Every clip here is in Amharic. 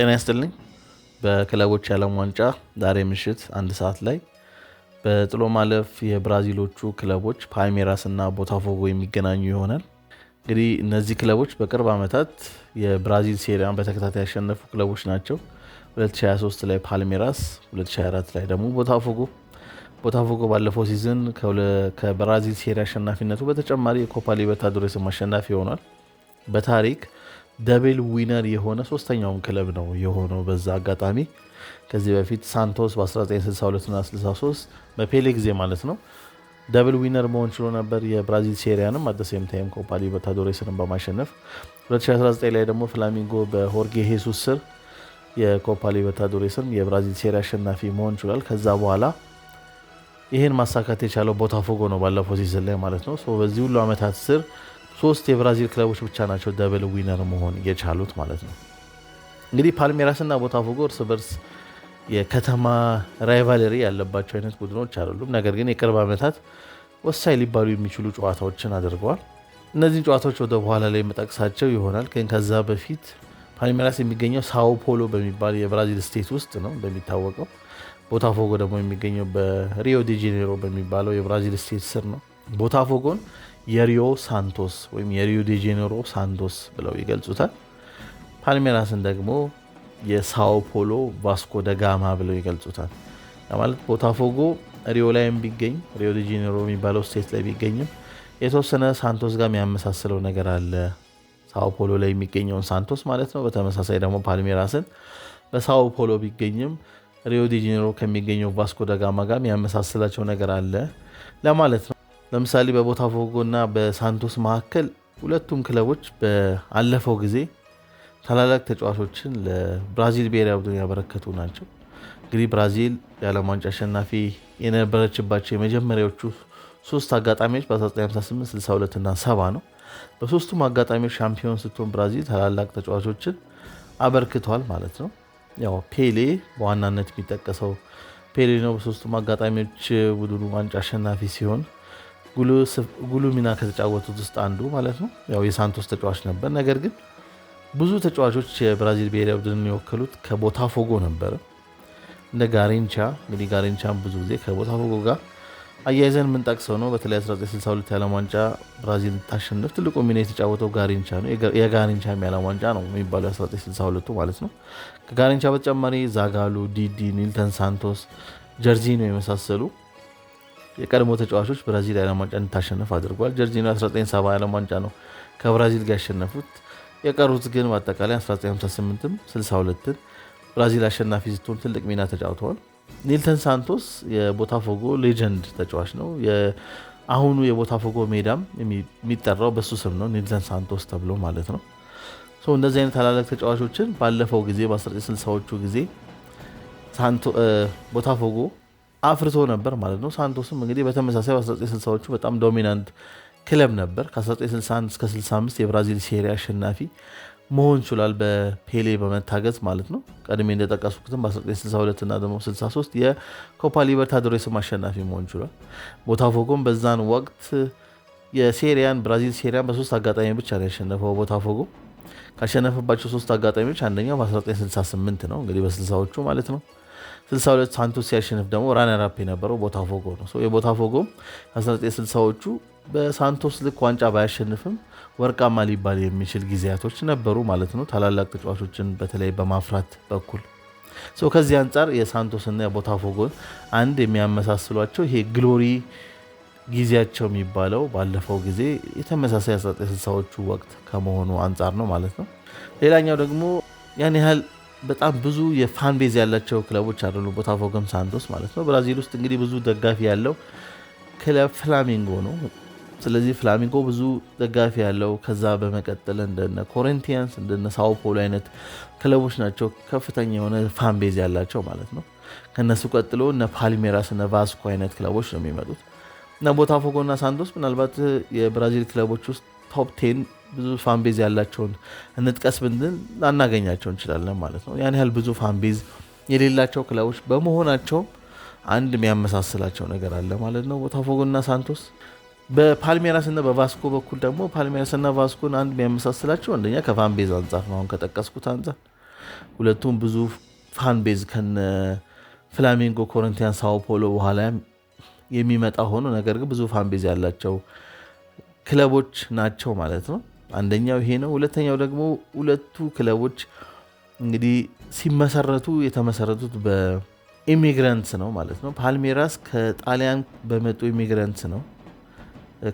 ጤና ይስጥልኝ። በክለቦች የዓለም ዋንጫ ዛሬ ምሽት አንድ ሰዓት ላይ በጥሎ ማለፍ የብራዚሎቹ ክለቦች ፓልሜራስ እና ቦታፎጎ የሚገናኙ ይሆናል። እንግዲህ እነዚህ ክለቦች በቅርብ ዓመታት የብራዚል ሴሪያን በተከታታይ ያሸነፉ ክለቦች ናቸው። 2023 ላይ ፓልሜራስ፣ 2024 ላይ ደግሞ ቦታፎጎ። ቦታፎጎ ባለፈው ሲዝን ከብራዚል ሴሪያ አሸናፊነቱ በተጨማሪ የኮፓ ሊበርታዶሬስም አሸናፊ ሆኗል። በታሪክ ደብል ዊነር የሆነ ሶስተኛውም ክለብ ነው የሆነው በዛ አጋጣሚ። ከዚህ በፊት ሳንቶስ በ1962 እና 63 በፔሌ ጊዜ ማለት ነው ደብል ዊነር መሆን ችሎ ነበር። የብራዚል ሴሪያንም አደሴም ታይም ኮፓ ሊበርታዶሬስንም በማሸነፍ 2019 ላይ ደግሞ ፍላሚንጎ በሆርጌ ሄሱስ ስር የኮፓ ሊበርታዶሬስን የብራዚል ሴሪያ አሸናፊ መሆን ችሏል። ከዛ በኋላ ይህን ማሳካት የቻለው ቦታፎጎ ነው ባለፈው ሲዝን ላይ ማለት ነው። በዚህ ሁሉ ዓመታት ስር ሶስት የብራዚል ክለቦች ብቻ ናቸው ደብል ዊነር መሆን የቻሉት ማለት ነው። እንግዲህ ፓልሜራስና ቦታፎጎ እርስ በርስ የከተማ ራይቫልሪ ያለባቸው አይነት ቡድኖች አይደሉም። ነገር ግን የቅርብ ዓመታት ወሳኝ ሊባሉ የሚችሉ ጨዋታዎችን አድርገዋል። እነዚህን ጨዋታዎች ወደ በኋላ ላይ መጠቅሳቸው ይሆናል። ግን ከዛ በፊት ፓልሜራስ የሚገኘው ሳው ፖሎ በሚባል የብራዚል ስቴት ውስጥ ነው እንደሚታወቀው። ቦታፎጎ ደግሞ የሚገኘው በሪዮ ዴ ጄኔሮ በሚባለው የብራዚል ስቴት ስር ነው። ቦታፎጎን የሪዮ ሳንቶስ ወይም የሪዮ ዴጄኔሮ ሳንቶስ ብለው ይገልጹታል። ፓልሜራስን ደግሞ የሳኦ ፖሎ ቫስኮ ደጋማ ብለው ይገልጹታል። ማለት ቦታፎጎ ሪዮ ላይም ቢገኝ ሪዮ ዴጄኔሮ የሚባለው ስቴት ላይ ቢገኝም የተወሰነ ሳንቶስ ጋር የሚያመሳስለው ነገር አለ። ሳኦ ፖሎ ላይ የሚገኘውን ሳንቶስ ማለት ነው። በተመሳሳይ ደግሞ ፓልሜራስን በሳኦ ፖሎ ቢገኝም ሪዮ ዴ ከሚገኘው ቫስኮ ደጋማ ጋር የሚያመሳስላቸው ነገር አለ ለማለት ነው። ለምሳሌ እና በሳንቶስ መካከል ሁለቱም ክለቦች በአለፈው ጊዜ ታላላቅ ተጫዋቾችን ለብራዚል ብሔራዊ ቡድን ያበረከቱ ናቸው። እንግዲህ ብራዚል የዓለም ዋንጫ አሸናፊ የነበረችባቸው የመጀመሪያዎቹ ሶስት አጋጣሚዎች በ1958፣ 62 እና 70 ነው። በሶስቱም አጋጣሚዎች ሻምፒዮን ስትሆን ብራዚል ታላላቅ ተጫዋቾችን አበርክተዋል ማለት ነው። ያው ፔሌ በዋናነት የሚጠቀሰው ፔሌ ነው። በሶስቱም አጋጣሚዎች ቡድኑ ዋንጫ አሸናፊ ሲሆን ጉሉ ሚና ከተጫወቱት ውስጥ አንዱ ማለት ነው ያው የሳንቶስ ተጫዋች ነበር። ነገር ግን ብዙ ተጫዋቾች የብራዚል ብሔራዊ ቡድን የወከሉት ከቦታፎጎ ነበረ። እንደ ጋሬንቻ እንግዲህ ጋሬንቻን ብዙ ጊዜ ከቦታፎጎ ጋር አያይዘን የምንጠቅሰው ነው። በተለይ 1962 የዓለም ዋንጫ ብራዚል ታሸንፍ ትልቁ ሚና የተጫወተው ጋሬንቻ ነው። የጋሬንቻ የዓለም ዋንጫ ነው የሚባለው 1962 ማለት ነው። ከጋሬንቻ በተጨማሪ ዛጋሉ፣ ዲዲ፣ ኒልተን ሳንቶስ፣ ጀርዚኖ የመሳሰሉ የቀድሞ ተጫዋቾች ብራዚል የዓለም ዋንጫ እንድታሸንፍ አድርጓል። ጀርጂኒዮ 1970 የዓለም ዋንጫ ነው ከብራዚል ጋር ያሸነፉት። የቀሩት ግን በአጠቃላይ 1958ም 62ን ብራዚል አሸናፊ ስትሆን ትልቅ ሚና ተጫውተዋል። ኒልተን ሳንቶስ የቦታፎጎ ሌጀንድ ተጫዋች ነው። አሁኑ የቦታፎጎ ሜዳም የሚጠራው በሱ ስም ነው፣ ኒልተን ሳንቶስ ተብሎ ማለት ነው። እንደዚህ አይነት ታላላቅ ተጫዋቾችን ባለፈው ጊዜ በ1960ዎቹ ጊዜ ቦታፎጎ አፍርቶ ነበር ማለት ነው። ሳንቶስም እንግዲህ በተመሳሳይ በ1960ዎቹ በጣም ዶሚናንት ክለብ ነበር። ከ1961 እስከ 65 የብራዚል ሴሪ አሸናፊ መሆን ችሏል፣ በፔሌ በመታገዝ ማለት ነው። ቀድሜ እንደጠቀስኩትም በ1962 እና ደግሞ 63 የኮፓ ሊበርታዶሬስም አሸናፊ መሆን ችሏል። ቦታፎጎም በዛን ወቅት የሴሪያን ብራዚል ሴሪያን በሶስት አጋጣሚ ብቻ ነው ያሸነፈው። ቦታፎጎ ካሸነፈባቸው ሶስት አጋጣሚዎች አንደኛው በ1968 ነው እንግዲህ በ60ዎቹ ማለት ነው 62 ሳንቶስ ሲያሸንፍ ደግሞ ራነር አፕ የነበረው ቦታፎጎ ነው። የቦታፎጎም 1960ዎቹ በሳንቶስ ልክ ዋንጫ ባያሸንፍም ወርቃማ ሊባል የሚችል ጊዜያቶች ነበሩ ማለት ነው። ታላላቅ ተጫዋቾችን በተለይ በማፍራት በኩል ከዚህ አንጻር የሳንቶስና የቦታፎጎን አንድ የሚያመሳስሏቸው ይሄ ግሎሪ ጊዜያቸው የሚባለው ባለፈው ጊዜ የተመሳሳይ 1960ዎቹ ወቅት ከመሆኑ አንጻር ነው ማለት ነው። ሌላኛው ደግሞ ያን ያህል በጣም ብዙ የፋን ቤዝ ያላቸው ክለቦች አሉ። ቦታፎጎም ሳንቶስ ማለት ነው። ብራዚል ውስጥ እንግዲህ ብዙ ደጋፊ ያለው ክለብ ፍላሚንጎ ነው። ስለዚህ ፍላሚንጎ ብዙ ደጋፊ ያለው ከዛ በመቀጠል እንደነ ኮሪንቲያንስ እንደነ ሳኦ አይነት ክለቦች ናቸው ከፍተኛ የሆነ ፋን ቤዝ ያላቸው ማለት ነው። ከነሱ ቀጥሎ እነ ፓልሜራስ እነ ቫስኮ አይነት ክለቦች ነው የሚመጡት እና ቦታፎጎና ሳንቶስ ምናልባት የብራዚል ክለቦች ውስጥ ቶፕ ቴን ብዙ ፋንቤዝ ያላቸውን እንጥቀስ ብን ላናገኛቸው እንችላለን ማለት ነው። ያን ያህል ብዙ ፋንቤዝ የሌላቸው ክለቦች በመሆናቸው አንድ የሚያመሳስላቸው ነገር አለ ማለት ነው። ቦታፎጎና ሳንቶስ በፓልሜራስ እና በቫስኮ በኩል ደግሞ ፓልሜራስ እና ቫስኮን አንድ የሚያመሳስላቸው አንደኛ ከፋንቤዝ አንጻር ነው፣ አሁን ከጠቀስኩት አንጻር ሁለቱም ብዙ ፋንቤዝ ከነ ፍላሚንጎ፣ ኮረንቲያን፣ ሳኦ ፖሎ በኋላ የሚመጣ ሆኖ ነገር ግን ብዙ ፋንቤዝ ያላቸው ክለቦች ናቸው ማለት ነው። አንደኛው ይሄ ነው። ሁለተኛው ደግሞ ሁለቱ ክለቦች እንግዲህ ሲመሰረቱ የተመሰረቱት በኢሚግራንትስ ነው ማለት ነው። ፓልሜራስ ከጣሊያን በመጡ ኢሚግራንትስ ነው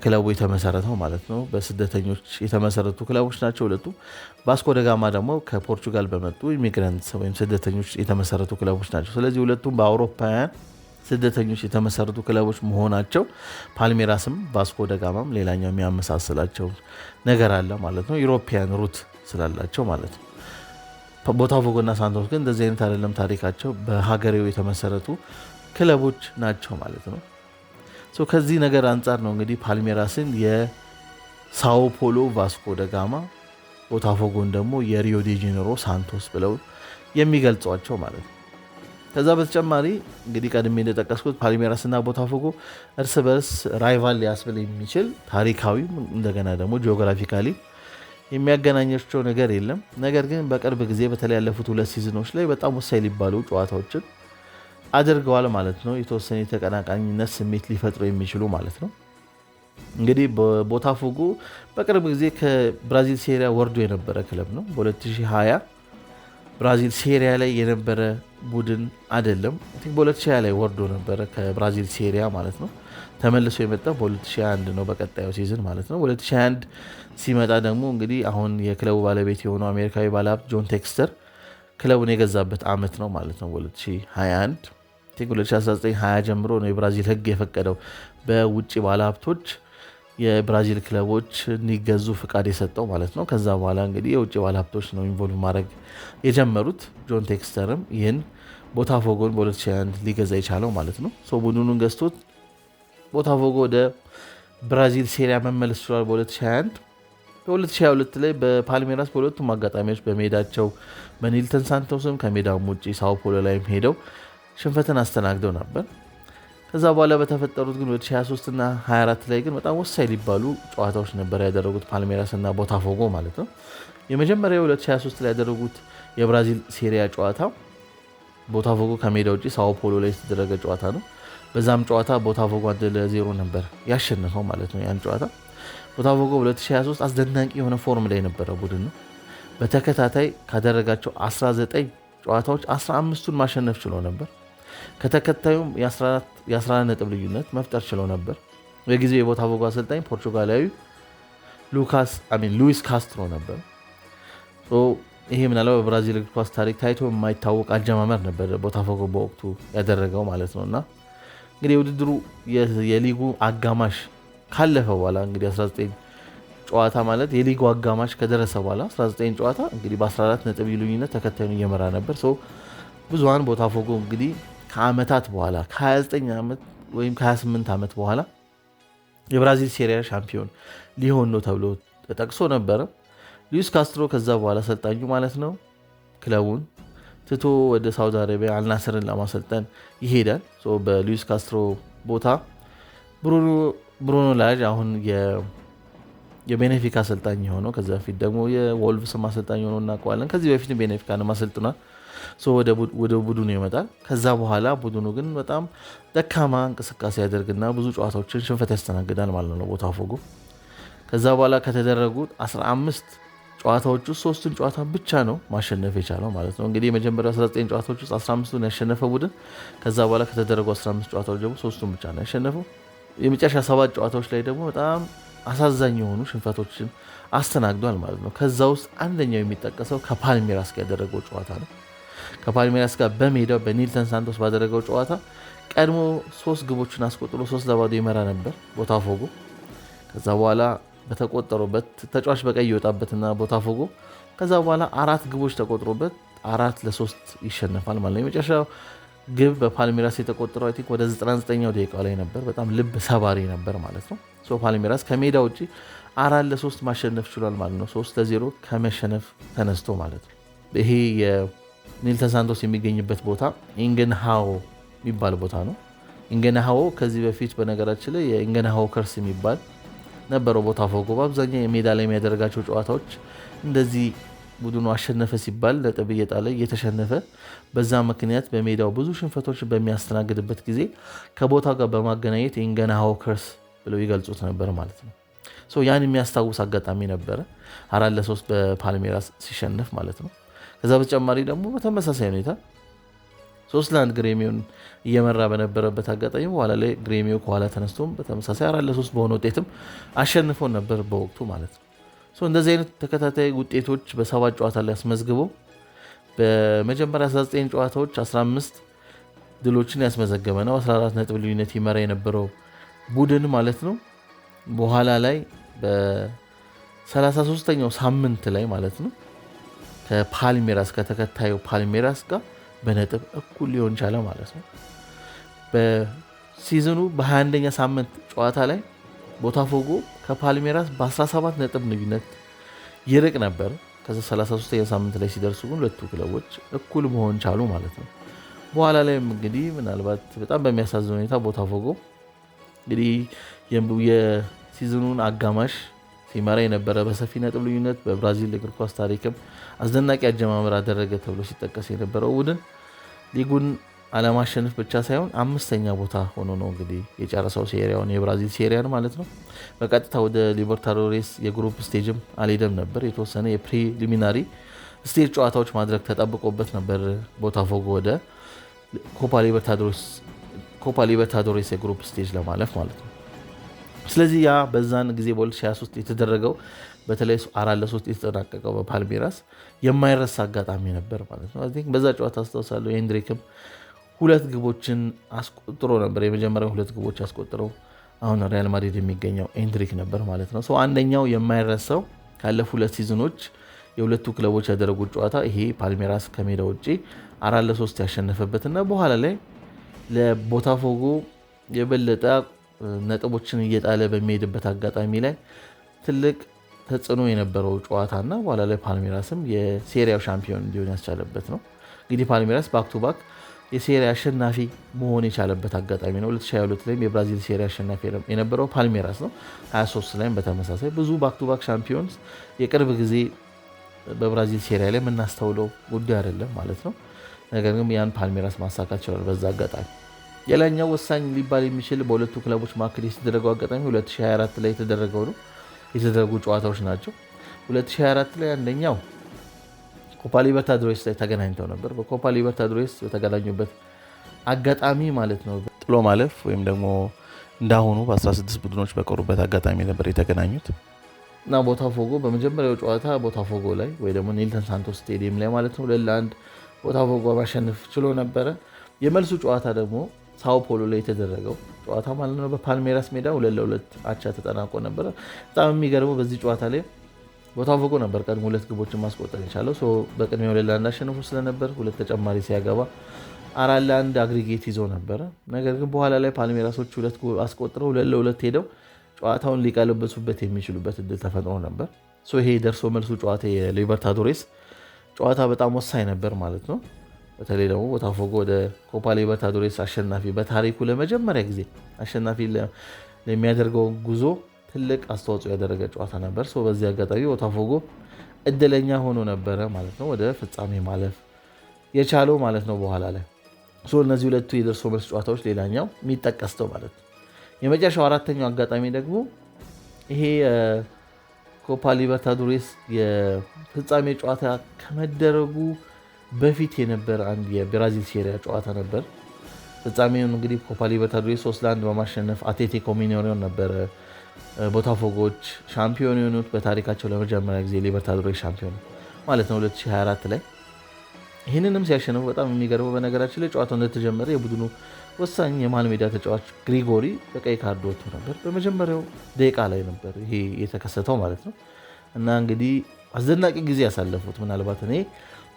ክለቡ የተመሰረተው ማለት ነው። በስደተኞች የተመሰረቱ ክለቦች ናቸው ሁለቱ። ቫስኮ ደጋማ ደግሞ ከፖርቹጋል በመጡ ኢሚግራንትስ ወይም ስደተኞች የተመሰረቱ ክለቦች ናቸው። ስለዚህ ሁለቱም በአውሮፓውያን ስደተኞች የተመሰረቱ ክለቦች መሆናቸው ፓልሜራስም ቫስኮ ደጋማም ሌላኛው የሚያመሳስላቸው ነገር አለ ማለት ነው። ዩሮፒያን ሩት ስላላቸው ማለት ነው። ቦታፎጎና ሳንቶስ ግን እንደዚህ አይነት አይደለም ታሪካቸው። በሀገሬው የተመሰረቱ ክለቦች ናቸው ማለት ነው። ከዚህ ነገር አንጻር ነው እንግዲህ ፓልሜራስን የሳኦ ፖሎ ቫስኮ ደጋማ ቦታፎጎን ደግሞ የሪዮ ዴ ጄኔሮ ሳንቶስ ብለው የሚገልጿቸው ማለት ነው። ከዛ በተጨማሪ እንግዲህ ቀድሜ እንደጠቀስኩት ፓልሜራስና ቦታፎጎ እርስ በርስ ራይቫል ሊያስብል የሚችል ታሪካዊ እንደገና ደግሞ ጂኦግራፊካሊ የሚያገናኛቸው ነገር የለም። ነገር ግን በቅርብ ጊዜ በተለይ ያለፉት ሁለት ሲዝኖች ላይ በጣም ወሳኝ ሊባሉ ጨዋታዎችን አድርገዋል ማለት ነው። የተወሰነ የተቀናቃኝነት ስሜት ሊፈጥሩ የሚችሉ ማለት ነው። እንግዲህ ቦታፎጎ በቅርብ ጊዜ ከብራዚል ሴሪያ ወርዶ የነበረ ክለብ ነው። በ2020 ብራዚል ሴሪያ ላይ የነበረ ቡድን አይደለም። በ2020 ላይ ወርዶ ነበረ ከብራዚል ሴሪያ ማለት ነው። ተመልሶ የመጣው በ2021 ነው፣ በቀጣዩ ሲዝን ማለት ነው። 2021 ሲመጣ ደግሞ እንግዲህ አሁን የክለቡ ባለቤት የሆነው አሜሪካዊ ባለሀብት ጆን ቴክስተር ክለቡን የገዛበት አመት ነው ማለት ነው 2021 2019 ጀምሮ ነው የብራዚል ህግ የፈቀደው በውጭ ባለሀብቶች የብራዚል ክለቦች እንዲገዙ ፍቃድ የሰጠው ማለት ነው። ከዛ በኋላ እንግዲህ የውጭ ባለሀብቶች ነው ኢንቮልቭ ማድረግ የጀመሩት። ጆን ቴክስተርም ይህን ቦታፎጎን በ2021 ሊገዛ የቻለው ማለት ነው። ቡድኑን ገዝቶት ቦታፎጎ ወደ ብራዚል ሴሪያ መመለስ ችሏል። በ2021 በ2022 ላይ በፓልሜራስ በሁለቱም አጋጣሚዎች በሜዳቸው በኒልተን ሳንቶስም ከሜዳውም ውጭ ሳውፖሎ ላይም ሄደው ሽንፈትን አስተናግደው ነበር። ከዛ በኋላ በተፈጠሩት ግን 2023 እና 24 ላይ ግን በጣም ወሳኝ ሊባሉ ጨዋታዎች ነበር ያደረጉት ፓልሜራስ እና ቦታፎጎ ማለት ነው። የመጀመሪያው 2023 ላይ ያደረጉት የብራዚል ሴሪያ ጨዋታ ቦታፎጎ ከሜዳ ውጭ ሳውፖሎ ፖሎ ላይ የተደረገ ጨዋታ ነው። በዛም ጨዋታ ቦታፎጎ አንድ ለዜሮ ነበር ያሸንፈው ማለት ነው። ያን ጨዋታ ቦታፎጎ 2023 አስደናቂ የሆነ ፎርም ላይ የነበረ ቡድን ነው። በተከታታይ ካደረጋቸው 19 ጨዋታዎች 15ቱን ማሸነፍ ችሎ ነበር። ከተከታዩም የ14 ነጥብ ልዩነት መፍጠር ችለው ነበር። በጊዜው የቦታፎጎ አሰልጣኝ ፖርቹጋላዊ ሉካስ ሉዊስ ካስትሮ ነበር። ይሄ ምናልባት በብራዚል እግር ኳስ ታሪክ ታይቶ የማይታወቅ አጀማመር ነበር ቦታፎጎ በወቅቱ ያደረገው ማለት ነው። እና እንግዲህ የውድድሩ የሊጉ አጋማሽ ካለፈ በኋላ እንግዲህ 19 ጨዋታ ማለት የሊጉ አጋማሽ ከደረሰ በኋላ 19 ጨዋታ እንግዲህ በ14 ነጥብ ልዩነት ተከታዩን እየመራ ነበር። ሰው ብዙሀን ቦታፎጎ እንግዲህ ከአመታት በኋላ ከ29 ዓመት ወይም ከ28 ዓመት በኋላ የብራዚል ሴሪያ ሻምፒዮን ሊሆን ነው ተብሎ ተጠቅሶ ነበረ። ሉዊስ ካስትሮ ከዛ በኋላ አሰልጣኙ ማለት ነው ክለቡን ትቶ ወደ ሳውዲ አረቢያ አልናስርን ለማሰልጠን ይሄዳል። በሉዊስ ካስትሮ ቦታ ብሩኖ ላጅ አሁን የቤኔፊካ አሰልጣኝ የሆነው ከዚ በፊት ደግሞ የወልቭስም አሰልጣኝ ሆኖ እናውቀዋለን። ከዚህ በፊትም ቤኔፊካንም አሰልጥኗል። ወደ ቡድኑ ይመጣል። ከዛ በኋላ ቡድኑ ግን በጣም ደካማ እንቅስቃሴ ያደርግና ብዙ ጨዋታዎችን ሽንፈት ያስተናግዳል ማለት ነው ፎጎ ከዛ በኋላ ከተደረጉት 15 ጨዋታዎች ውስጥ ሶስቱን ጨዋታ ብቻ ነው ማሸነፍ የቻለው ማለት ነው። እንግዲህ የመጀመሪያ 19 ጨዋታዎች ውስጥ 15ቱን ያሸነፈ ቡድን ከዛ በኋላ ከተደረጉ 15 ጨዋታዎች ደግሞ ሶስቱን ብቻ ነው ያሸነፈው። የመጨረሻ ሰባት ጨዋታዎች ላይ ደግሞ በጣም አሳዛኝ የሆኑ ሽንፈቶችን አስተናግዷል ማለት ነው። ከዛ ውስጥ አንደኛው የሚጠቀሰው ከፓልሜራስ ጋር ያደረገው ጨዋታ ነው። ከፓልሜራስ ጋር በሜዳው በኒልተን ሳንቶስ ባደረገው ጨዋታ ቀድሞ ሶስት ግቦችን አስቆጥሮ ሶስት ለባዶ ይመራ ነበር ቦታፎጎ ከዛ በኋላ በተቆጠሩበት ተጫዋች በቀይ ይወጣበትና ቦታፎጎ ከዛ በኋላ አራት ግቦች ተቆጥሮበት አራት ለሶስት ይሸነፋል ማለት ነው። የመጨረሻው ግብ በፓልሜራስ የተቆጠረው አይ ቲንክ ወደ 99ኛው ደቂቃ ላይ ነበር። በጣም ልብ ሰባሪ ነበር ማለት ነው። ፓልሜራስ ከሜዳ ውጭ አራት ለሶስት ማሸነፍ ችሏል ማለት ነው። ሶስት ለዜሮ ከመሸነፍ ተነስቶ ማለት ነው። ይሄ የኒልተን ሳንቶስ የሚገኝበት ቦታ ኢንገንሃው የሚባል ቦታ ነው። ኢንገንሃው ከዚህ በፊት በነገራችን ላይ የኢንገንሃው ከርስ የሚባል ነበረው ቦታፎጎ በአብዛኛው የሜዳ ላይ የሚያደርጋቸው ጨዋታዎች እንደዚህ ቡድኑ አሸነፈ ሲባል ነጥብ እየጣለ እየተሸነፈ በዛ ምክንያት በሜዳው ብዙ ሽንፈቶች በሚያስተናግድበት ጊዜ ከቦታ ጋር በማገናኘት ይህን ሀውከርስ ብለው ይገልጹት ነበር ማለት ነው። ያን የሚያስታውስ አጋጣሚ ነበረ፣ አራት ለሶስት በፓልሜራስ ሲሸነፍ ማለት ነው። ከዛ በተጨማሪ ደግሞ በተመሳሳይ ሁኔታ ሶስት ለአንድ ግሬሚዮን እየመራ በነበረበት አጋጣሚ በኋላ ላይ ግሬሚዮ ከኋላ ተነስቶም በተመሳሳይ አራት ለሶስት በሆነ ውጤትም አሸንፎ ነበር በወቅቱ ማለት ነው። እንደዚህ አይነት ተከታታይ ውጤቶች በሰባት ጨዋታ ላይ አስመዝግቦ በመጀመሪያ 19 ጨዋታዎች 15 ድሎችን ያስመዘገበ ነው። 14 ነጥብ ልዩነት ይመራ የነበረው ቡድን ማለት ነው። በኋላ ላይ በ33ኛው ሳምንት ላይ ማለት ነው ከፓልሜራስ ከተከታዩ ፓልሜራስ ጋር በነጥብ እኩል ሊሆን ቻለ ማለት ነው። በሲዝኑ በ21ኛ ሳምንት ጨዋታ ላይ ቦታፎጎ ከፓልሜራስ በ17 ነጥብ ልዩነት ይርቅ ነበር። ከዚ 33ኛ ሳምንት ላይ ሲደርሱ ግን ሁለቱ ክለቦች እኩል መሆን ቻሉ ማለት ነው። በኋላ ላይም እንግዲህ ምናልባት በጣም በሚያሳዝን ሁኔታ ቦታፎጎ እንግዲህ የሲዝኑን አጋማሽ ሲመራ የነበረ በሰፊ ነጥብ ልዩነት በብራዚል እግር ኳስ ታሪክም አስደናቂ አጀማመር አደረገ ተብሎ ሲጠቀስ የነበረው ቡድን ሊጉን አለማሸነፍ ብቻ ሳይሆን አምስተኛ ቦታ ሆኖ ነው እንግዲህ የጨረሰው ሴሪያውን የብራዚል ሴሪያን ማለት ነው። በቀጥታ ወደ ሊበርታዶሬስ የግሩፕ ስቴጅም አልሄደም ነበር። የተወሰነ የፕሪሊሚናሪ ስቴጅ ጨዋታዎች ማድረግ ተጠብቆበት ነበር። ቦታፎጎ ወደ ኮፓ ሊበርታዶሬስ የግሩፕ ስቴጅ ለማለፍ ማለት ነው። ስለዚህ ያ በዛን ጊዜ በ2023 የተደረገው በተለይ አራት ለሶስት የተጠናቀቀው በፓልሜራስ የማይረሳ አጋጣሚ ነበር ማለት ነው። በዛ ጨዋታ አስታውሳለሁ የሄንድሪክም ሁለት ግቦችን አስቆጥሮ ነበር። የመጀመሪያው ሁለት ግቦች አስቆጥረው አሁን ሪያል ማድሪድ የሚገኘው ኤንድሪክ ነበር ማለት ነው። ሰው አንደኛው የማይረሳው ካለፉ ሁለት ሲዝኖች የሁለቱ ክለቦች ያደረጉት ጨዋታ ይሄ ፓልሜራስ ከሜዳ ውጭ አራት ለሶስት ያሸነፈበትና በኋላ ላይ ለቦታፎጎ የበለጠ ነጥቦችን እየጣለ በሚሄድበት አጋጣሚ ላይ ትልቅ ተጽዕኖ የነበረው እና በኋላ ላይ ፓልሜራስም የሴሪያው ሻምፒዮን እንዲሆን ያስቻለበት ነው። እንግዲህ ፓልሜራስ ባክቱ ባክ የሴሪያ አሸናፊ መሆን የቻለበት አጋጣሚ ነው። 2022 ላይም የብራዚል ሴሪያ አሸናፊ የነበረው ፓልሜራስ ነው። 23 ላይም በተመሳሳይ ብዙ ባክቱባክ ባክ ሻምፒዮንስ የቅርብ ጊዜ በብራዚል ሴሪያ ላይ የምናስተውለው ጉዳይ አይደለም ማለት ነው። ነገር ግን ያን ፓልሜራስ ማሳካት ችሏል በዛ አጋጣሚ ሌላኛው ወሳኝ ሊባል የሚችል በሁለቱ ክለቦች መካከል የተደረገው አጋጣሚ 2024 ላይ የተደረገው ነው የተደረጉ ጨዋታዎች ናቸው። 2024 ላይ አንደኛው ኮፓ ድሮስ ላይ ተገናኝተው ነበር። በኮፓ ሊበርታዶሬስ በተገናኙበት አጋጣሚ ማለት ነው ጥሎ ማለፍ ወይም ደግሞ እንዳሁኑ በ16 ቡድኖች በቀሩበት አጋጣሚ ነበር የተገናኙት እና ቦታፎጎ በመጀመሪያው ጨዋታ ቦታፎጎ ላይ ወይ ደግሞ ኒልተን ሳንቶስ ስቴዲየም ላይ ማለት ነው ሁለት ለአንድ ቦታፎጎ ማሸነፍ ችሎ ነበረ። የመልሱ ጨዋታ ደግሞ ሳው ፖሎ ላይ የተደረገው ጨዋታ ማለት ነው። በፓልሜራስ ሜዳ ሁለት ለሁለት አቻ ተጠናቆ ነበረ። በጣም የሚገርመው በዚህ ጨዋታ ላይ ቦታፎጎ ነበር ቀድሞ ሁለት ግቦችን ማስቆጠር የቻለው። በቅድሚያ ሁለት ለአንድ አሸንፎ ስለነበር ሁለት ተጨማሪ ሲያገባ አራት ለአንድ አግሪጌት ይዞ ነበረ። ነገር ግን በኋላ ላይ ፓልሜራሶች ሁለት አስቆጥረው ሁለት ለሁለት ሄደው ጨዋታውን ሊቀለበሱበት የሚችሉበት እድል ተፈጥሮ ነበር። ይሄ ደርሶ መልሱ ጨዋታ የሊበርታዶሬስ ጨዋታ በጣም ወሳኝ ነበር ማለት ነው። በተለይ ደግሞ ቦታፎጎ ወደ ኮፓ ሊበርታዶሬስ አሸናፊ በታሪኩ ለመጀመሪያ ጊዜ አሸናፊ ለሚያደርገው ጉዞ ትልቅ አስተዋጽኦ ያደረገ ጨዋታ ነበር። በዚህ አጋጣሚ ቦታፎጎ እድለኛ ሆኖ ነበረ ማለት ነው፣ ወደ ፍጻሜ ማለፍ የቻለው ማለት ነው። በኋላ ላይ እነዚህ ሁለቱ የደርሶ መልስ ጨዋታዎች ሌላኛው የሚጠቀስተው ማለት ነው። የመጨረሻው አራተኛው አጋጣሚ ደግሞ ይሄ የኮፓ ሊበርታዶሬስ የፍጻሜ ጨዋታ ከመደረጉ በፊት የነበረ አንድ የብራዚል ሴሪያ ጨዋታ ነበር። ፍጻሜውን እንግዲህ ኮፓ ሊበርታዶሬስ ሶስት ለአንድ በማሸነፍ አትሌቲኮ ሚኔይሮ ነበረ። ቦታፎጎች ሻምፒዮን የሆኑት በታሪካቸው ለመጀመሪያ ጊዜ ሊበርታዶሬስ ሻምፒዮን ማለት ነው 2024 ላይ ይህንንም ሲያሸንፉ በጣም የሚገርመው በነገራችን ላይ ጨዋታው እንደተጀመረ የቡድኑ ወሳኝ የመሃል ሜዳ ተጫዋች ግሪጎሪ በቀይ ካርድ ወጥቶ ነበር። በመጀመሪያው ደቂቃ ላይ ነበር ይሄ የተከሰተው ማለት ነው። እና እንግዲህ አስደናቂ ጊዜ ያሳለፉት ምናልባት እኔ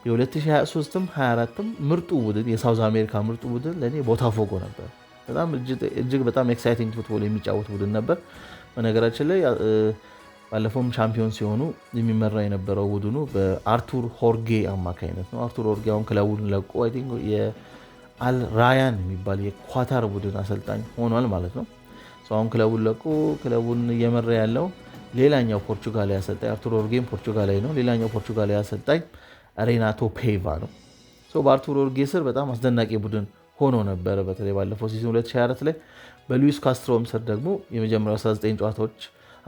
የ2023ም 24ም ምርጡ ቡድን የሳውዝ አሜሪካ ምርጡ ቡድን ለእኔ ቦታፎጎ ነበር። በጣም እጅግ በጣም ኤክሳይቲንግ ፉትቦል የሚጫወት ቡድን ነበር። በነገራችን ላይ ባለፈውም ሻምፒዮን ሲሆኑ የሚመራ የነበረው ቡድኑ በአርቱር ሆርጌ አማካኝነት ነው። አርቱር ሆርጌ አሁን ክለቡን ለቆ የአልራያን ራያን የሚባል የኳታር ቡድን አሰልጣኝ ሆኗል ማለት ነው። አሁን ክለቡን ለቆ ክለቡን እየመራ ያለው ሌላኛው ፖርቹጋላዊ አሰልጣኝ አርቱር ሆርጌም ፖርቹጋላዊ ነው። ሌላኛው ፖርቹጋላዊ አሰልጣኝ ሬናቶ ፔቫ ነው። በአርቱሮ ኦርጌ ስር በጣም አስደናቂ ቡድን ሆኖ ነበረ። በተለይ ባለፈው ሲዝን 2024 ላይ በሉዊስ ካስትሮም ስር ደግሞ የመጀመሪያው 19 ጨዋታዎች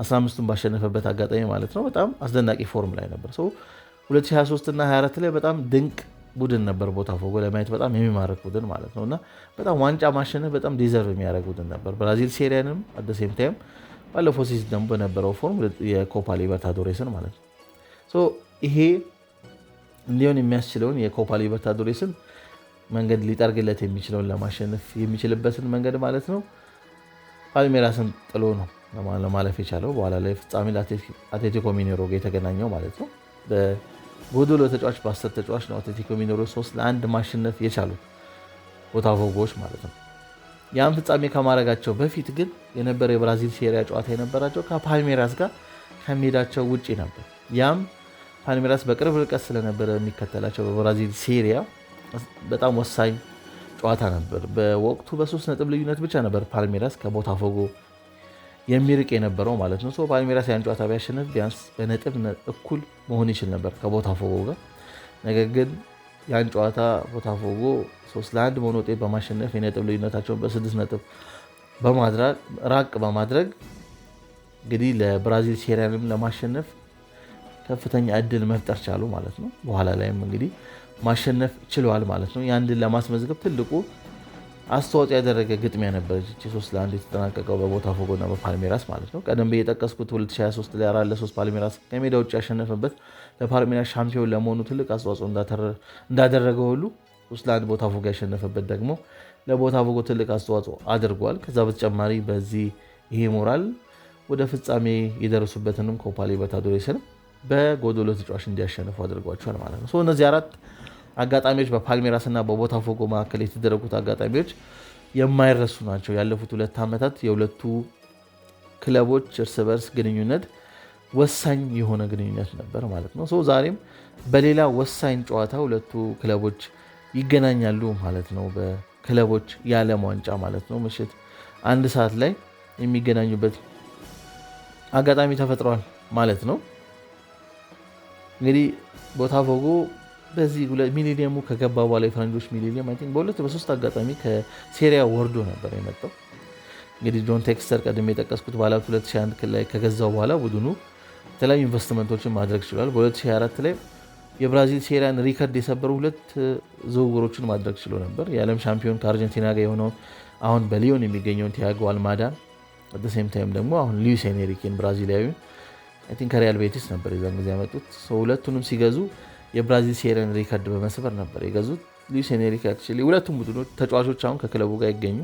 15ቱን ባሸነፈበት አጋጣሚ ማለት ነው በጣም አስደናቂ ፎርም ላይ ነበር። 2023 እና 24 ላይ በጣም ድንቅ ቡድን ነበር። ቦታፎጎ ለማየት በጣም የሚማርክ ቡድን ማለት ነው እና በጣም ዋንጫ ማሸነፍ በጣም ዲዘርቭ የሚያደርግ ቡድን ነበር። ብራዚል ሴሪያንም አደሴም ታይም ባለፈው ሲዝን ደግሞ በነበረው ፎርም የኮፓ ሊበርታዶሬስን ማለት ነው ይሄ ሊሆን የሚያስችለውን የኮፓ ሊበርታዶሬስን መንገድ ሊጠርግለት የሚችለውን ለማሸነፍ የሚችልበትን መንገድ ማለት ነው ፓልሜራስን ጥሎ ነው ለማለፍ የቻለው። በኋላ ላይ ፍጻሜ አትሌቲኮ ሚኔሮ ጋር የተገናኘው ማለት ነው። በጎዶሎ ተጫዋች በአስር ተጫዋች ነው አትሌቲኮ ሚኔሮ ሶስት ለአንድ ማሸነፍ የቻሉት ቦታፎጎዎች ማለት ነው። ያን ፍጻሜ ከማድረጋቸው በፊት ግን የነበረ የብራዚል ሴሪያ ጨዋታ የነበራቸው ከፓልሜራስ ጋር ከሜዳቸው ውጪ ነበር ያም ፓልሜራስ በቅርብ ርቀት ስለነበረ የሚከተላቸው በብራዚል ሴሪያ በጣም ወሳኝ ጨዋታ ነበር። በወቅቱ በሶስት ነጥብ ልዩነት ብቻ ነበር ፓልሜራስ ከቦታፎጎ የሚርቅ የነበረው ማለት ነው። ፓልሜራስ ያን ጨዋታ ቢያሸንፍ ቢያንስ በነጥብ እኩል መሆን ይችል ነበር ከቦታፎጎ ጋር። ነገር ግን ያን ጨዋታ ቦታፎጎ ሶስት ለአንድ በሆነ ውጤት በማሸነፍ የነጥብ ልዩነታቸውን በስድስት ነጥብ ራቅ በማድረግ እንግዲህ ለብራዚል ሴሪያንም ለማሸነፍ ከፍተኛ እድል መፍጠር ቻሉ ማለት ነው። በኋላ ላይም እንግዲህ ማሸነፍ ችለዋል ማለት ነው። ያን ድል ለማስመዝገብ ትልቁ አስተዋጽኦ ያደረገ ግጥሚያ ነበረች፣ ሶስት ለአንድ የተጠናቀቀው በቦታፎጎና በፓልሜራስ ማለት ነው። ቀደም ብዬ የጠቀስኩት 2023 ላይ አራት ለሶስት ፓልሜራስ ከሜዳ ውጭ ያሸነፈበት ለፓልሜራስ ሻምፒዮን ለመሆኑ ትልቅ አስተዋጽኦ እንዳደረገ ሁሉ ሶስት ለአንድ ቦታፎጎ ያሸነፈበት ደግሞ ለቦታፎጎ ትልቅ አስተዋጽኦ አድርጓል። ከዛ በተጨማሪ በዚህ ይሄ ሞራል ወደ ፍጻሜ የደረሱበትንም ኮፓ ሊበርታዶሬስን በጎዶሎ ተጫዋች እንዲያሸንፉ አድርጓቸዋል ማለት ነው። እነዚህ አራት አጋጣሚዎች በፓልሜራስ እና በቦታፎጎ መካከል የተደረጉት አጋጣሚዎች የማይረሱ ናቸው። ያለፉት ሁለት ዓመታት የሁለቱ ክለቦች እርስ በርስ ግንኙነት ወሳኝ የሆነ ግንኙነት ነበር ማለት ነው። ዛሬም በሌላ ወሳኝ ጨዋታ ሁለቱ ክለቦች ይገናኛሉ ማለት ነው። በክለቦች የዓለም ዋንጫ ማለት ነው። ምሽት አንድ ሰዓት ላይ የሚገናኙበት አጋጣሚ ተፈጥሯል ማለት ነው። እንግዲህ ቦታ ፎጎ በዚህ ሚሊኒየሙ ከገባ በኋላ የፈረንጆች ሚሊኒየም በሁለት በሶስት አጋጣሚ ከሴሪያ ወርዶ ነበር የመጣው። እንግዲህ ጆን ቴክስተር ቀድሜ የጠቀስኩት ባለ 2001 ላይ ከገዛው በኋላ ቡድኑ የተለያዩ ኢንቨስትመንቶችን ማድረግ ችሏል። በ2024 ላይ የብራዚል ሴሪያን ሪከርድ የሰበሩ ሁለት ዝውውሮችን ማድረግ ችሎ ነበር። የዓለም ሻምፒዮን ከአርጀንቲና ጋር የሆነውን አሁን በሊዮን የሚገኘውን ቲያጎ አልማዳን፣ ታይም ደግሞ አሁን ሉዊስ ኤንሪኬን ብራዚላዊን ቲንክ ከሪያል ቤቲስ ነበር የዛን ጊዜ ያመጡት። ሁለቱንም ሲገዙ የብራዚል ሴሪያን ሪከርድ በመስበር ነበር የገዙት ሉዊስ ኤንሪኬ። አክቹዋሊ ሁለቱም ቡድኖች ተጫዋቾች አሁን ከክለቡ ጋር ይገኙ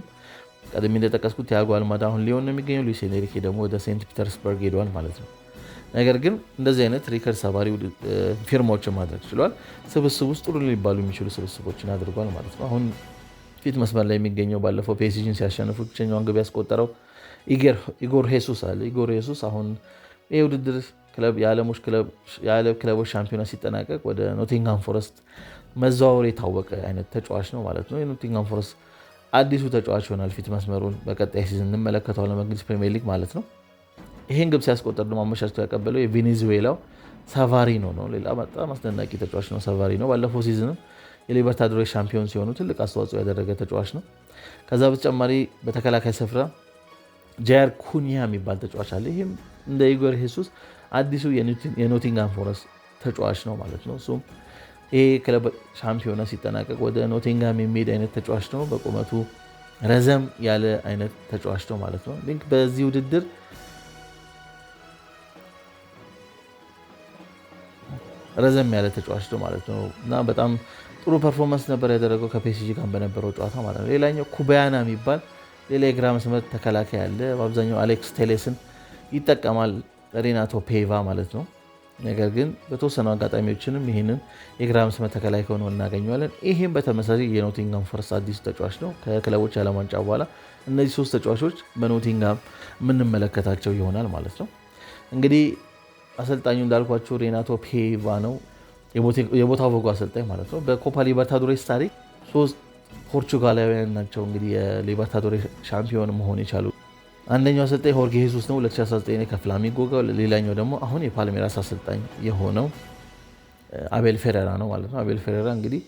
ቀድሜ እንደጠቀስኩት ቲያጎ አልማዳ አሁን ሊሆን ነው የሚገኘው። ሉዊስ ኤንሪኬ ደግሞ ወደ ሴንት ፒተርስበርግ ሄደዋል ማለት ነው። ነገር ግን እንደዚህ አይነት ሪከርድ ሰባሪ ፊርማዎችን ማድረግ ችሏል። ስብስብ ውስጥ ጥሩ ሊባሉ የሚችሉ ስብስቦችን አድርጓል ማለት ነው። አሁን ፊት መስመር ላይ የሚገኘው ባለፈው ፔሲጅን ሲያሸንፉ ብቸኛውን ግብ ያስቆጠረው ኢጎር ሄሱስ አለ። ኢጎር ሄሱስ አሁን ይህ ውድድር የዓለም ክለቦች ሻምፒዮና ሲጠናቀቅ ወደ ኖቲንግሃም ፎረስት መዘዋወር የታወቀ አይነት ተጫዋች ነው ማለት ነው። የኖቲንግሃም ፎረስት አዲሱ ተጫዋች ይሆናል። ፊት መስመሩን በቀጣይ ሲዝን እንመለከተዋለን፣ በእንግሊዝ ፕሪሚየር ሊግ ማለት ነው። ይህን ግብ ሲያስቆጠር ደግሞ አመቻችቶ ያቀበለው የቬኔዙዌላው ሳቫሪኖ ነው። ሌላ በጣም አስደናቂ ተጫዋች ነው ሳቫሪኖ። ባለፈው ሲዝንም የሊበርታዶሬስ ሻምፒዮን ሲሆኑ ትልቅ አስተዋጽኦ ያደረገ ተጫዋች ነው። ከዛ በተጨማሪ በተከላካይ ስፍራ ጃየር ኩኒያ የሚባል ተጫዋች አለ። ይህም እንደ ኢጎር ሄሱስ አዲሱ የኖቲንጋም ፎረስት ተጫዋች ነው ማለት ነው። እሱም ይሄ ክለብ ሻምፒዮና ሲጠናቀቅ ወደ ኖቲንጋም የሚሄድ አይነት ተጫዋች ነው። በቁመቱ ረዘም ያለ አይነት ተጫዋች ነው ማለት ነው። ሊንክ በዚህ ውድድር ረዘም ያለ ተጫዋች ነው ማለት ነው እና በጣም ጥሩ ፐርፎርማንስ ነበር ያደረገው ከፔሲጂ ጋር በነበረው ጨዋታ ማለት ነው። ሌላኛው ኩባያና የሚባል ሌላ የግራ መስመር ተከላካይ አለ። በአብዛኛው አሌክስ ቴሌስን ይጠቀማል ሬናቶ ፔቫ ማለት ነው። ነገር ግን በተወሰኑ አጋጣሚዎችንም ይህንን የግራ መስመር ተከላካይ ሆኖ እናገኘዋለን። ይህም በተመሳሳይ የኖቲንጋም ፎረስት አዲስ ተጫዋች ነው። ከክለቦች ዓለም ዋንጫ በኋላ እነዚህ ሶስት ተጫዋቾች በኖቲንጋም የምንመለከታቸው ይሆናል ማለት ነው። እንግዲህ አሰልጣኙ እንዳልኳቸው ሬናቶ ፔቫ ነው፣ የቦታፎጎ አሰልጣኝ ማለት ነው። በኮፓ ሊበርታዶሬስ ታሪክ ሶስት ፖርቹጋላውያን ናቸው እንግዲህ የሊበርታዶሬ ሻምፒዮን መሆን የቻሉ። አንደኛው አሰልጣኝ ሆርጌ ሄሱስ ነው 2019 ከፍላሚንጎ ጋር፣ ሌላኛው ደግሞ አሁን የፓልሜራስ አሰልጣኝ የሆነው አቤል ፌሬራ ነው ማለት ነው። አቤል ፌሬራ እንግዲህ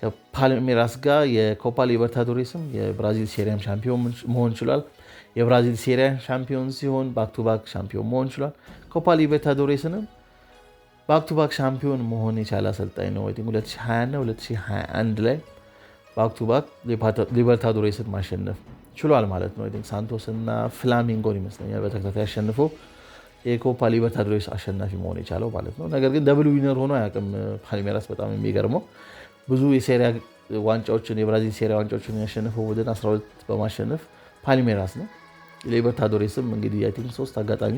ከፓልሜራስ ጋር የኮፓ ሊበርታዶሬስም የብራዚል ሴሪያም ሻምፒዮን መሆን ችሏል። የብራዚል ሴሪያ ሻምፒዮን ሲሆን ባክቱባክ ሻምፒዮን መሆን ችሏል። ኮፓ ሊበርታዶሬስንም ባክቱባክ ሻምፒዮን መሆን የቻለ አሰልጣኝ ነው። 2020 እና 2021 ላይ ባክ ቱ ባክ ሊበርታዶሬስን ማሸነፍ ችሏል ማለት ነው። ሳንቶስ እና ፍላሚንጎን ይመስለኛል በተከታታይ አሸንፎ የኮፓ ሊበርታዶሬስ አሸናፊ መሆን የቻለው ማለት ነው። ነገር ግን ደብል ዊነር ሆኖ አያውቅም ፓልሜራስ። በጣም የሚገርመው ብዙ የሴሪያ ዋንጫዎችን የብራዚል ሴሪያ ዋንጫዎችን ያሸነፈው ቡድን 12 በማሸነፍ ፓልሜራስ ነው። ሊበርታዶሬስም እንግዲህ አይ ሶስት አጋጣሚ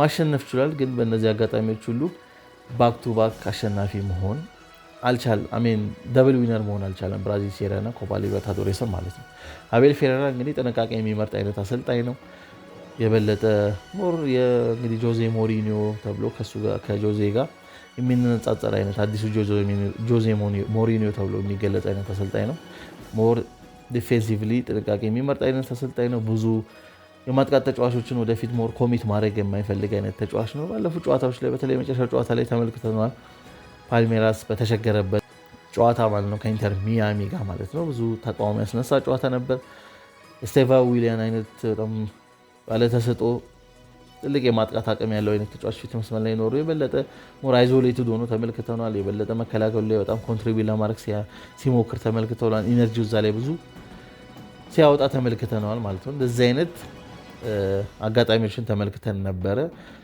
ማሸነፍ ችሏል። ግን በእነዚህ አጋጣሚዎች ሁሉ ባክ ቱ ባክ አሸናፊ መሆን አልቻል አሜን ደብል ዊነር መሆን አልቻለም። ብራዚል ሴሪያና ኮፓ ሊበርታዶሬስን ማለት ነው። አቤል ፌሬራ እንግዲህ ጥንቃቄ የሚመርጥ አይነት አሰልጣኝ ነው። የበለጠ ሞር እንግዲህ ጆዜ ሞሪኒዮ ተብሎ ከሱ ጋር ከጆዜ ጋር የሚነጻጸር አይነት አዲሱ ጆዜ ሞሪኒዮ ተብሎ የሚገለጽ አይነት አሰልጣኝ ነው። ሞር ዲፌንሲቭሊ ጥንቃቄ የሚመርጥ አይነት አሰልጣኝ ነው። ብዙ የማጥቃት ተጫዋቾችን ወደፊት ሞር ኮሚት ማድረግ የማይፈልግ አይነት ተጫዋች ነው። ባለፉት ጨዋታዎች ላይ በተለይ መጨረሻ ጨዋታ ላይ ተመልክተነዋል። ፓልሜራስ በተቸገረበት ጨዋታ ማለት ነው ከኢንተር ሚያሚ ጋር ማለት ነው ብዙ ተቃውሞ ያስነሳ ጨዋታ ነበር። ስቴቫ ዊሊያን አይነት በጣም ባለተሰጦ ትልቅ የማጥቃት አቅም ያለው አይነት ተጫዋች ፊት መስመር ላይ ኖሩ የበለጠ ሞር አይዞሌትድ ሆኖ ተመልክተናል። የበለጠ መከላከሉ ላይ በጣም ኮንትሪቢ ለማድረግ ሲሞክር ተመልክተናል። ኢነርጂ እዛ ላይ ብዙ ሲያወጣ ተመልክተነዋል ማለት ነው። እንደዚህ አይነት አጋጣሚዎችን ተመልክተን ነበረ።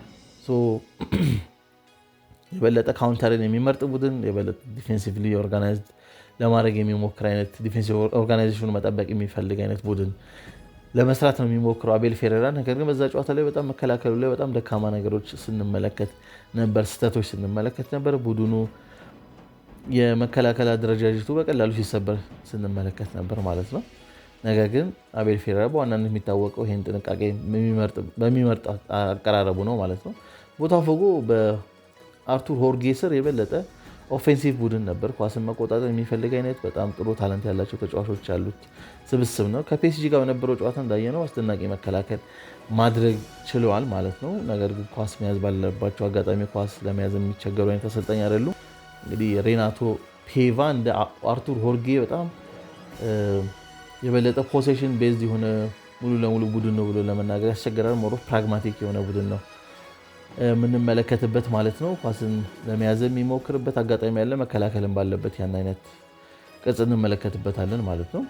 የበለጠ ካውንተርን የሚመርጥ ቡድን የበለጠ ዲፌንሲቭሊ ኦርጋናይዝድ ለማድረግ የሚሞክር አይነት ዲፌንሲቭ ኦርጋናይዜሽኑ መጠበቅ የሚፈልግ አይነት ቡድን ለመስራት ነው የሚሞክረው አቤል ፌሬራ። ነገር ግን በዛ ጨዋታ ላይ በጣም መከላከሉ ላይ በጣም ደካማ ነገሮች ስንመለከት ነበር፣ ስህተቶች ስንመለከት ነበር። ቡድኑ የመከላከል አደረጃጀቱ በቀላሉ ሲሰበር ስንመለከት ነበር ማለት ነው። ነገር ግን አቤል ፌሬራ በዋናነት የሚታወቀው ይህን ጥንቃቄ በሚመርጥ አቀራረቡ ነው ማለት ነው። ቦታ ቦታፎጎ አርቱር ሆርጌ ስር የበለጠ ኦፌንሲቭ ቡድን ነበር። ኳስን መቆጣጠር የሚፈልግ አይነት በጣም ጥሩ ታለንት ያላቸው ተጫዋቾች ያሉት ስብስብ ነው። ከፒኤስጂ ጋር በነበረው ጨዋታ እንዳየነው አስደናቂ መከላከል ማድረግ ችለዋል ማለት ነው። ነገር ግን ኳስ መያዝ ባለባቸው አጋጣሚ ኳስ ለመያዝ የሚቸገሩ አይነት አሰልጣኝ አይደሉም። እንግዲህ ሬናቶ ፔቫ እንደ አርቱር ሆርጌ በጣም የበለጠ ፖሴሽን ቤዝድ የሆነ ሙሉ ለሙሉ ቡድን ነው ብሎ ለመናገር ያስቸግራል። ሞሮ ፕራግማቲክ የሆነ ቡድን ነው የምንመለከትበት ማለት ነው። ኳስን ለመያዝ የሚሞክርበት አጋጣሚ ያለ፣ መከላከልን ባለበት ያን አይነት ቅርጽ እንመለከትበታለን ማለት ነው።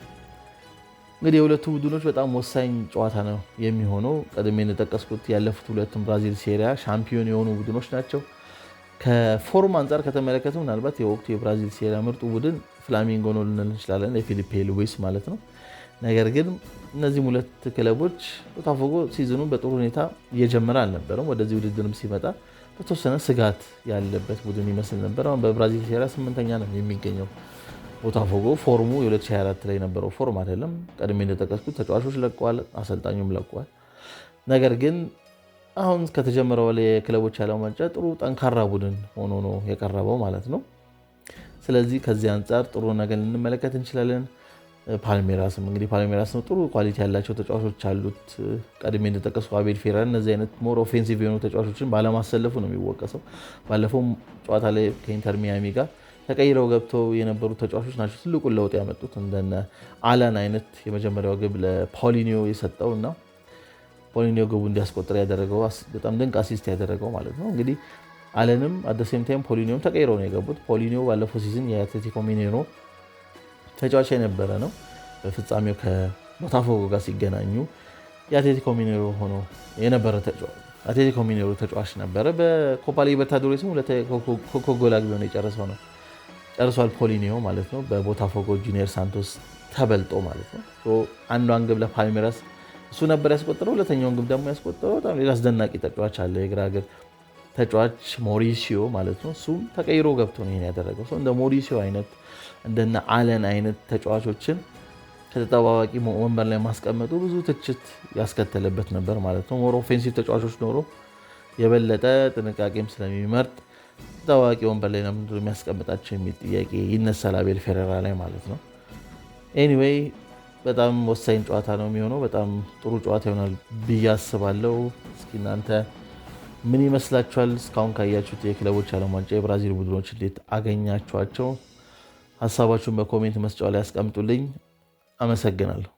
እንግዲህ የሁለቱ ቡድኖች በጣም ወሳኝ ጨዋታ ነው የሚሆነው። ቀድሜ እንደጠቀስኩት ያለፉት ሁለቱም ብራዚል ሴሪያ ሻምፒዮን የሆኑ ቡድኖች ናቸው። ከፎርም አንጻር ከተመለከተ ምናልባት የወቅቱ የብራዚል ሴሪያ ምርጡ ቡድን ፍላሚንጎ ነው ልንል እንችላለን፣ የፊሊፔ ሉዊስ ማለት ነው። ነገር ግን እነዚህም ሁለት ክለቦች ቦታፎጎ ሲዝኑ በጥሩ ሁኔታ እየጀመረ አልነበረም። ወደዚህ ውድድርም ሲመጣ በተወሰነ ስጋት ያለበት ቡድን ይመስል ነበር። አሁን በብራዚል ሴራ ስምንተኛ ነው የሚገኘው ቦታፎጎ። ፎርሙ የ2024 ላይ የነበረው ፎርም አይደለም። ቀድሜ እንደጠቀስኩት ተጫዋቾች ለቀዋል፣ አሰልጣኙም ለቀዋል። ነገር ግን አሁን ከተጀመረ በላይ የክለቦች ያለው ዋንጫ ጥሩ ጠንካራ ቡድን ሆኖ ነው የቀረበው ማለት ነው። ስለዚህ ከዚህ አንጻር ጥሩ ነገር ልንመለከት እንችላለን። ፓልሜራስም እንግዲህ ፓልሜራስ ጥሩ ኳሊቲ ያላቸው ተጫዋቾች አሉት። ቀድሜ እንደጠቀስኩ አቤል ፌራ እነዚህ አይነት ሞር ኦፌንሲቭ የሆኑ ተጫዋቾችን ባለማሰለፉ ነው የሚወቀሰው። ባለፈው ጨዋታ ላይ ከኢንተር ሚያሚ ጋር ተቀይረው ገብተው የነበሩ ተጫዋቾች ናቸው ትልቁን ለውጥ ያመጡት እንደነ አላን አይነት የመጀመሪያው ግብ ለፖሊኒዮ የሰጠው እና ፖሊኒዮ ግቡ እንዲያስቆጥር ያደረገው በጣም ድንቅ አሲስት ያደረገው ማለት ነው። እንግዲህ አለንም አደሴም ታይም ፖሊኒዮም ተቀይረው ነው የገቡት። ፖሊኒዮ ባለፈው ሲዝን የአትሌቲኮ ሚኔሮ ተጫዋች የነበረ ነው። በፍጻሜው ከቦታፎጎ ጋር ሲገናኙ የአትሌቲኮ ሚኔሮ ሆኖ የነበረ አትሌቲኮ ሚኔሮ ተጫዋች ነበረ። በኮፓ ሊበርታዶሬስም ኮኮጎል አግቢ ሆነ የጨረሰው ነው ጨርሷል። ፖሊኒዮ ማለት ነው። በቦታፎጎ ጁኒየር ሳንቶስ ተበልጦ ማለት ነው። አንዷን ግብ ለፓልሜራስ እሱ ነበር ያስቆጠረው። ሁለተኛውን ግብ ደግሞ ያስቆጠረው በጣም ሌላ አስደናቂ ተጫዋች አለ የግራ እግር ተጫዋች ሞሪሲዮ ማለት ነው። እሱም ተቀይሮ ገብቶ ነው ይሄን ያደረገው። እንደ ሞሪሲዮ አይነት እንደነ አለን አይነት ተጫዋቾችን ከተጠባባቂ ወንበር ላይ ማስቀመጡ ብዙ ትችት ያስከተለበት ነበር ማለት ነው። ሞሮ ኦፌንሲቭ ተጫዋቾች ኖሮ የበለጠ ጥንቃቄም ስለሚመርጥ ተጠባባቂ ወንበር ላይ ለምንድን ነው የሚያስቀምጣቸው የሚል ጥያቄ ይነሳል አቤል ፌሬራ ላይ ማለት ነው። ኤኒዌይ በጣም ወሳኝ ጨዋታ ነው የሚሆነው። በጣም ጥሩ ጨዋታ ይሆናል ብዬ አስባለሁ። እስኪ እናንተ ምን ይመስላችኋል? እስካሁን ካያችሁት የክለቦች ዓለም ዋንጫ የብራዚል ቡድኖች እንዴት አገኛችኋቸው? ሀሳባችሁን በኮሜንት መስጫው ላይ ያስቀምጡልኝ። አመሰግናለሁ።